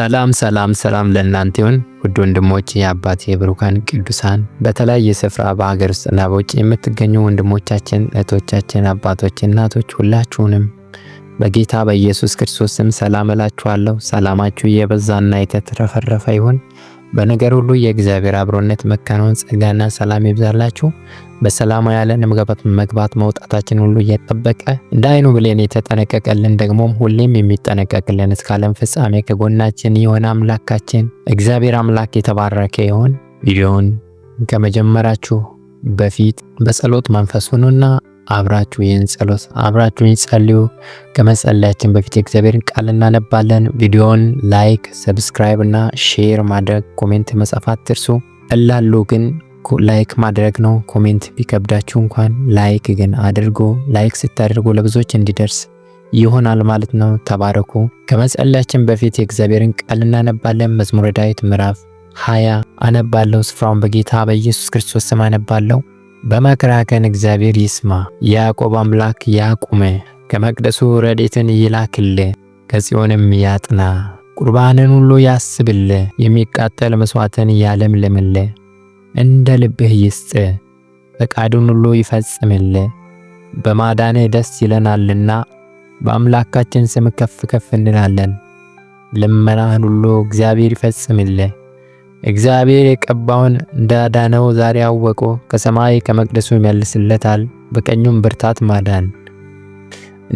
ሰላም ሰላም ሰላም ለእናንተ ይሁን ውድ ወንድሞች የአባት የብሩካን ቅዱሳን በተለያየ ስፍራ በሀገር ውስጥና በውጭ የምትገኙ ወንድሞቻችን፣ እህቶቻችን፣ አባቶች፣ እናቶች ሁላችሁንም በጌታ በኢየሱስ ክርስቶስ ስም ሰላም እላችኋለሁ። ሰላማችሁ የበዛና የተትረፈረፈ ይሁን። በነገር ሁሉ የእግዚአብሔር አብሮነት መከናወን፣ ጸጋና ሰላም ይብዛላችሁ። በሰላማዊ ያለ ንብረት መግባት መውጣታችን ሁሉ እየጠበቀ እንደ አይኑ የተጠነቀቀልን ደግሞም ሁሌም የሚጠነቀቅልን እስከ ዓለም ፍጻሜ ከጎናችን የሆነ አምላካችን እግዚአብሔር አምላክ የተባረከ ይሆን። ቪዲዮውን ከመጀመራችሁ በፊት በጸሎት መንፈስ ሁኑና አብራችሁ ይህን ጸሎት አብራችሁ ይጸልዩ። ከመጸለያችን በፊት የእግዚአብሔርን ቃል እናነባለን። ቪዲዮውን ላይክ፣ ሰብስክራይብ እና ሼር ማድረግ ኮሜንት መጻፍ አትርሱ። እላሉ ግን ላይክ ማድረግ ነው። ኮሜንት ቢከብዳችሁ እንኳን ላይክ ግን አድርጎ ላይክ ስታደርጉ ለብዙዎች እንዲደርስ ይሆናል ማለት ነው። ተባረኩ። ከመጸለያችን በፊት የእግዚአብሔርን ቃል እናነባለን። መዝሙረ ዳዊት ምዕራፍ 20 አነባለሁ። ስፍራውን በጌታ በኢየሱስ ክርስቶስ ስም አነባለሁ። በመከራከን እግዚአብሔር ይስማ። ያዕቆብ አምላክ ያቁመ፣ ከመቅደሱ ረድኤትን ይላክል፣ ከጽዮንም ያጥና፣ ቁርባንን ሁሉ ያስብል፣ የሚቃጠል መሥዋዕትን ያለምልምል እንደ ልብህ ይስጥ፣ ፈቃዱን ሁሉ ይፈጽምል። በማዳኔ ደስ ይለናልና በአምላካችን ስም ከፍ ከፍ እንላለን። ልመናህን ሁሉ እግዚአብሔር ይፈጽምል። እግዚአብሔር የቀባውን እንዳዳነው ዛሬ አወቁ። ከሰማይ ከመቅደሱ ይመልስለታል፣ በቀኙም ብርታት ማዳን።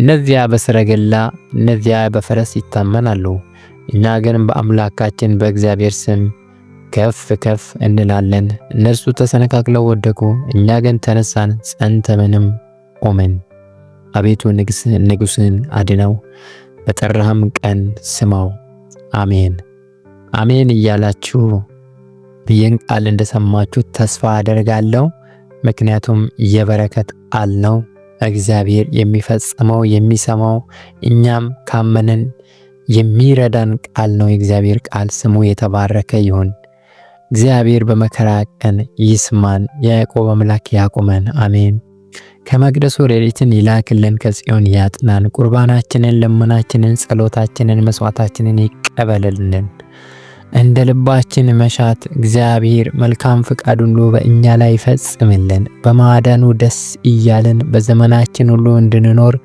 እነዚያ በሰረገላ እነዚያ በፈረስ ይታመናሉ፣ እኛ ግን በአምላካችን በእግዚአብሔር ስም ከፍ ከፍ እንላለን። እነርሱ ተሰነካክለው ወደቁ፣ እኛ ግን ተነሳን፣ ጸንተመንም ቆመን። አቤቱ ንጉሥን አድነው፣ በጠራህም ቀን ስማው። አሜን አሜን እያላችሁ ይህን ቃል እንደሰማችሁ ተስፋ አደርጋለሁ። ምክንያቱም የበረከት ቃል ነው። እግዚአብሔር የሚፈጽመው የሚሰማው፣ እኛም ካመንን የሚረዳን ቃል ነው። የእግዚአብሔር ቃል ስሙ የተባረከ ይሁን። እግዚአብሔር በመከራ ቀን ይስማን። የያዕቆብ አምላክ ያቁመን፣ አሜን። ከመቅደሱ ሌሊትን ይላክልን፣ ከጽዮን ያጥናን። ቁርባናችንን፣ ልመናችንን፣ ጸሎታችንን፣ መስዋዕታችንን ይቀበልልን። እንደ ልባችን መሻት እግዚአብሔር መልካም ፍቃድ ሁሉ በእኛ ላይ ይፈጽምልን። በማዳኑ ደስ እያልን በዘመናችን ሁሉ እንድንኖር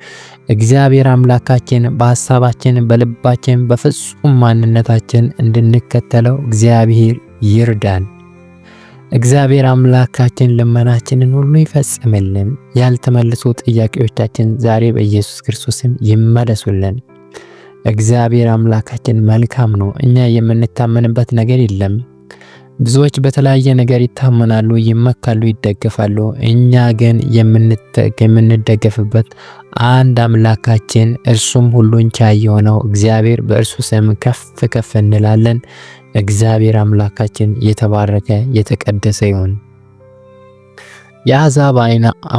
እግዚአብሔር አምላካችን በሀሳባችን፣ በልባችን፣ በፍጹም ማንነታችን እንድንከተለው እግዚአብሔር ይርዳን። እግዚአብሔር አምላካችን ልመናችንን ሁሉ ይፈጽምልን። ያልተመለሱ ጥያቄዎቻችን ዛሬ በኢየሱስ ክርስቶስም ይመለሱልን። እግዚአብሔር አምላካችን መልካም ነው። እኛ የምንታመንበት ነገር የለም። ብዙዎች በተለያየ ነገር ይታመናሉ፣ ይመካሉ፣ ይደገፋሉ። እኛ ግን የምንደገፍበት አንድ አምላካችን እርሱም ሁሉን ቻይ የሆነው እግዚአብሔር በእርሱ ስም ከፍ ከፍ እንላለን። እግዚአብሔር አምላካችን የተባረከ የተቀደሰ ይሁን። የአሕዛብ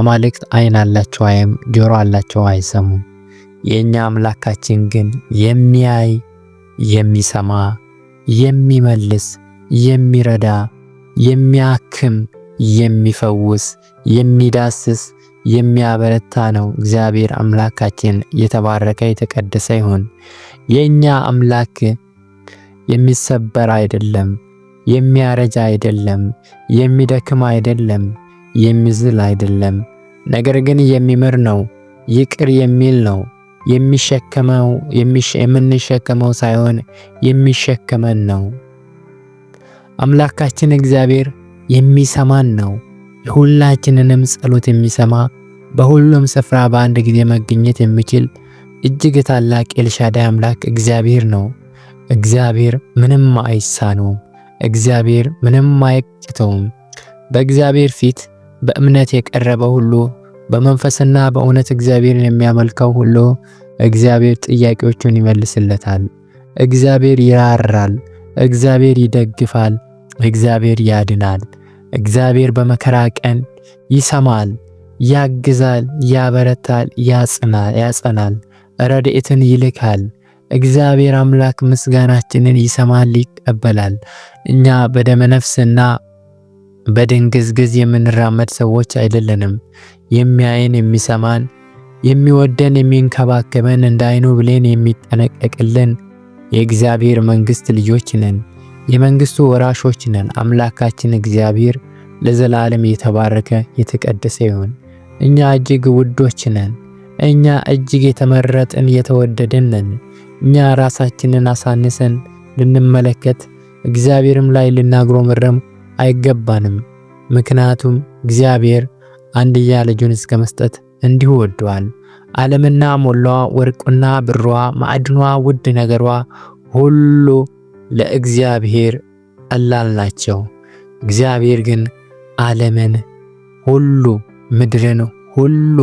አማልክት ዓይን አላቸው አይም ጆሮ አላቸው አይሰሙም። የእኛ አምላካችን ግን የሚያይ የሚሰማ የሚመልስ የሚረዳ የሚያክም የሚፈውስ የሚዳስስ የሚያበረታ ነው። እግዚአብሔር አምላካችን የተባረከ የተቀደሰ ይሁን። የእኛ አምላክ የሚሰበር አይደለም፣ የሚያረጃ አይደለም፣ የሚደክም አይደለም፣ የሚዝል አይደለም። ነገር ግን የሚምር ነው፣ ይቅር የሚል ነው። የሚሸከመው የምንሸከመው ሳይሆን የሚሸከመን ነው። አምላካችን እግዚአብሔር የሚሰማን ነው። የሁላችንንም ጸሎት የሚሰማ በሁሉም ስፍራ በአንድ ጊዜ መገኘት የሚችል እጅግ ታላቅ ኤልሻዳይ አምላክ እግዚአብሔር ነው። እግዚአብሔር ምንም አይሳነውም። እግዚአብሔር ምንም አይቅተውም። በእግዚአብሔር ፊት በእምነት የቀረበ ሁሉ በመንፈስና በእውነት እግዚአብሔርን የሚያመልከው ሁሉ እግዚአብሔር ጥያቄዎቹን ይመልስለታል። እግዚአብሔር ይራራል። እግዚአብሔር ይደግፋል። እግዚአብሔር ያድናል። እግዚአብሔር በመከራ ቀን ይሰማል፣ ያግዛል፣ ያበረታል፣ ያጸናል፣ ረድኤትን ይልካል። እግዚአብሔር አምላክ ምስጋናችንን ይሰማል፣ ይቀበላል። እኛ በደመነፍስና በድንግዝግዝ የምንራመድ ሰዎች አይደለንም። የሚያይን የሚሰማን የሚወደን የሚንከባከበን እንደ አይኑ ብሌን የሚጠነቀቅልን የእግዚአብሔር መንግሥት ልጆች ነን። የመንግስቱ ወራሾች ነን። አምላካችን እግዚአብሔር ለዘላለም የተባረከ የተቀደሰ ይሁን። እኛ እጅግ ውዶች ነን። እኛ እጅግ የተመረጥን የተወደድን ነን። እኛ ራሳችንን አሳንሰን ልንመለከት እግዚአብሔርም ላይ ልናጉረመረም አይገባንም። ምክንያቱም እግዚአብሔር አንድያ ልጁን እስከ መስጠት እንዲሁ ወደዋል። ዓለምና ሞላዋ፣ ወርቁና ብሯ፣ ማዕድኗ፣ ውድ ነገሯ ሁሉ ለእግዚአብሔር ቀላል ናቸው። እግዚአብሔር ግን ዓለምን ሁሉ ምድርን ሁሉ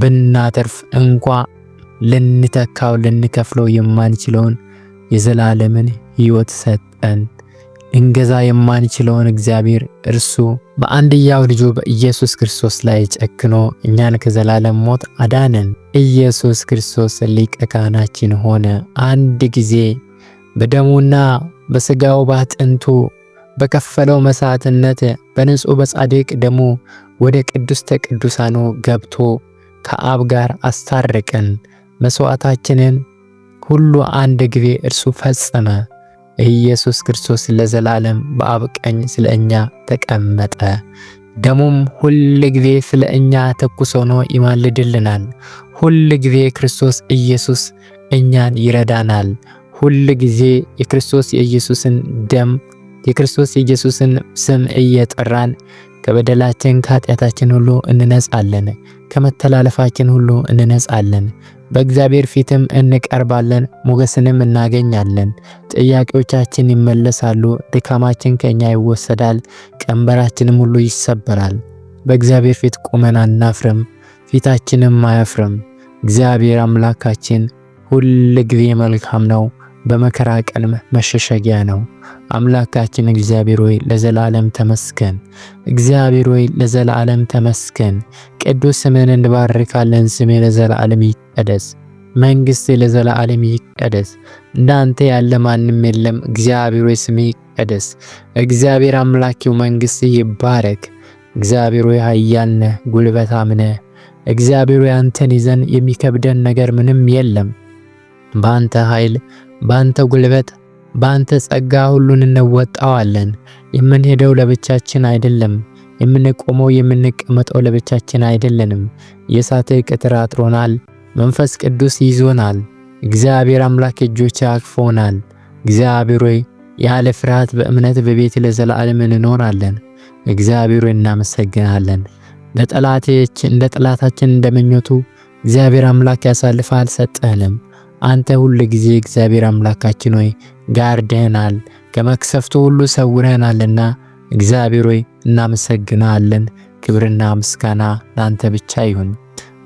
ብናተርፍ እንኳ ልንተካው ልንከፍለው የማንችለውን የዘላለምን ሕይወት ሰጠን። ልንገዛ የማንችለውን እግዚአብሔር እርሱ በአንድያው ልጁ በኢየሱስ ክርስቶስ ላይ ጨክኖ እኛን ከዘላለም ሞት አዳነን። ኢየሱስ ክርስቶስ ሊቀ ካህናችን ሆነ። አንድ ጊዜ በደሙና በሥጋው ባጥንቱ በከፈለው መሥዋዕትነት በንጹሕ በጻድቅ ደሙ ወደ ቅድስተ ቅዱሳኑ ገብቶ ከአብ ጋር አስታረቀን። መሥዋዕታችንን ሁሉ አንድ ጊዜ እርሱ ፈጸመ። ኢየሱስ ክርስቶስ ለዘላለም በአብ ቀኝ ስለ እኛ ተቀመጠ። ደሙም ሁል ጊዜ ስለ እኛ ተኩስ ሆኖ ይማልድልናል። ሁል ጊዜ ክርስቶስ ኢየሱስ እኛን ይረዳናል። ሁል ጊዜ የክርስቶስ የኢየሱስን ደም የክርስቶስ የኢየሱስን ስም እየጠራን ከበደላችን ከኃጢአታችን ሁሉ እንነጻለን። ከመተላለፋችን ሁሉ እንነጻለን። በእግዚአብሔር ፊትም እንቀርባለን፣ ሞገስንም እናገኛለን። ጥያቄዎቻችን ይመለሳሉ፣ ድካማችን ከእኛ ይወሰዳል፣ ቀንበራችንም ሁሉ ይሰበራል። በእግዚአብሔር ፊት ቁመን አናፍርም፣ ፊታችንም አያፍርም። እግዚአብሔር አምላካችን ሁል ጊዜ መልካም ነው። በመከራ ቀን መሸሸጊያ ነው። አምላካችን እግዚአብሔር ሆይ ለዘላለም ተመስገን። እግዚአብሔር ሆይ ለዘላለም ተመስገን። ቅዱስ ስምህን እንባርካለን። ስምህ ለዘላለም ይቀደስ። መንግስት ለዘላለም ይቀደስ። እንዳንተ ያለ ማንም የለም። እግዚአብሔር ሆይ ስምህ ይቀደስ። እግዚአብሔር አምላኪው መንግስት ይባረክ። እግዚአብሔር ሆይ ኃያል ጉልበት አምነ እግዚአብሔር ሆይ አንተን ይዘን የሚከብደን ነገር ምንም የለም። በአንተ ኃይል በአንተ ጉልበት፣ በአንተ ጸጋ ሁሉን እንወጣዋለን። የምንሄደው ለብቻችን አይደለም። የምንቆመው የምንቀመጠው ለብቻችን አይደለንም። የእሳት ቅጥር አጥሮናል። መንፈስ ቅዱስ ይዞናል። እግዚአብሔር አምላክ እጆች አቅፎናል። እግዚአብሔር ሆይ ያለ ፍርሃት በእምነት በቤት ለዘላለም እንኖራለን። እግዚአብሔር ሆይ እናመሰግናለን። እንደ ጠላታችን እንደ እግዚአብሔር አምላክ ያሳልፈ አልሰጠህንም። አንተ ሁል ጊዜ እግዚአብሔር አምላካችን ሆይ ጋርደናል፣ ከመክሰፍቱ ሁሉ ሰውረናልና እግዚአብሔር ሆይ እናመሰግናለን። ክብርና ምስጋና ለአንተ ብቻ ይሁን።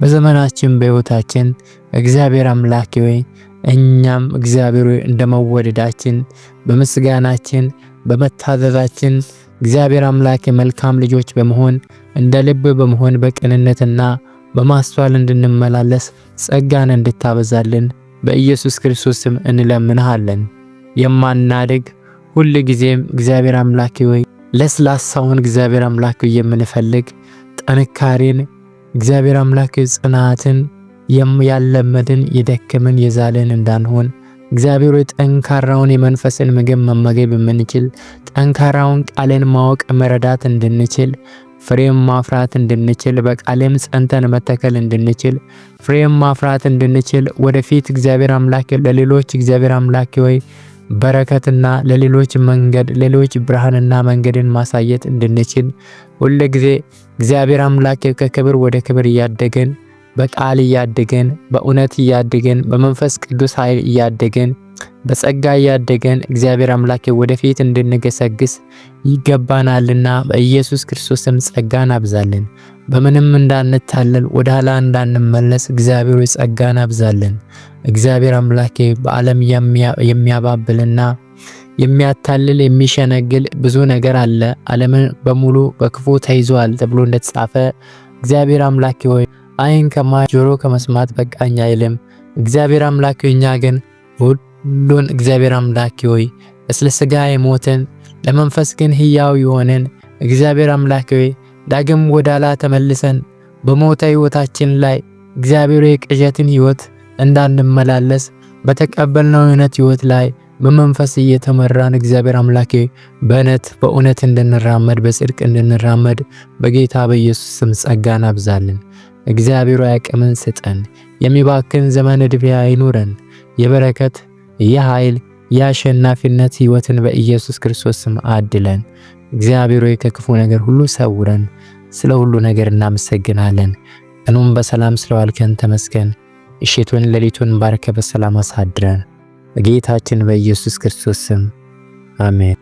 በዘመናችን በሕይወታችን እግዚአብሔር አምላኬ ሆይ እኛም እግዚአብሔር ሆይ እንደመወደዳችን በምስጋናችን በመታዘዛችን እግዚአብሔር አምላኬ መልካም ልጆች በመሆን እንደ ልብ በመሆን በቅንነትና በማስተዋል እንድንመላለስ ጸጋን እንድታበዛልን በኢየሱስ ክርስቶስ ስም እንለምንሃለን። የማናደግ ሁል ጊዜም እግዚአብሔር አምላክ ወይ ለስላሳውን እግዚአብሔር አምላክ የምንፈልግ ጥንካሬን እግዚአብሔር አምላክ ጽናትን ያለመድን የደከምን የዛልን እንዳንሆን እግዚአብሔር ጠንካራውን የመንፈስን ምግብ መመገብ የምንችል ጠንካራውን ቃልን ማወቅ መረዳት እንድንችል ፍሬም ማፍራት እንድንችል በቃሌም ጸንተን መተከል እንድንችል ፍሬም ማፍራት እንድንችል ወደፊት እግዚአብሔር አምላክ ለሌሎች እግዚአብሔር አምላክ ወይ በረከትና ለሌሎች መንገድ ለሌሎች ብርሃንና መንገድን ማሳየት እንድንችል ሁል ጊዜ እግዚአብሔር አምላክ ከክብር ወደ ክብር እያደገን በቃል እያደገን በእውነት እያደገን በመንፈስ ቅዱስ ኃይል እያደገን በጸጋ እያደገን እግዚአብሔር አምላክ ወደፊት እንድንገሰግስ ይገባናልና በኢየሱስ ክርስቶስም ጸጋን አብዛልን። በምንም እንዳንታለል ወደ ኋላ እንዳንመለስ እግዚአብሔር ጸጋን አብዛልን። እግዚአብሔር አምላኬ በዓለም የሚያባብልና የሚያታልል የሚሸነግል ብዙ ነገር አለ። ዓለምን በሙሉ በክፉ ተይዟል ተብሎ እንደተጻፈ እግዚአብሔር አምላኬ ሆይ አይን ከማየት ጆሮ ከመስማት በቃኝ አይልም። እግዚአብሔር አምላኬ እኛ ግን ሁሉን እግዚአብሔር አምላኬ ሆይ ለስለ ስጋ የሞትን ለመንፈስ ግን ሕያው የሆንን እግዚአብሔር አምላኬ ሆይ ዳግም ወዳላ ተመልሰን በሞተ ሕይወታችን ላይ እግዚአብሔር የቅዠትን ሕይወት እንዳንመላለስ በተቀበልነው እውነት ሕይወት ላይ በመንፈስ እየተመራን እግዚአብሔር አምላኬ በእውነት በእውነት እንድንራመድ በጽድቅ እንድንራመድ በጌታ በኢየሱስ ስም ጸጋን አብዛልን። እግዚአብሔር አቅምን ስጠን። የሚባክን ዘመን ዕድሜ አይኑረን። የበረከት የኃይል የአሸናፊነት ህይወትን በኢየሱስ ክርስቶስ ስም አድለን። እግዚአብሔር ሆይ ከክፉ ነገር ሁሉ ሰውረን። ስለ ሁሉ ነገር እናመሰግናለን። ቀኑን በሰላም ስለዋልከን ተመስገን። እሽቱን ሌሊቱን ባርከ በሰላም አሳድረን። በጌታችን በኢየሱስ ክርስቶስ ስም አሜን።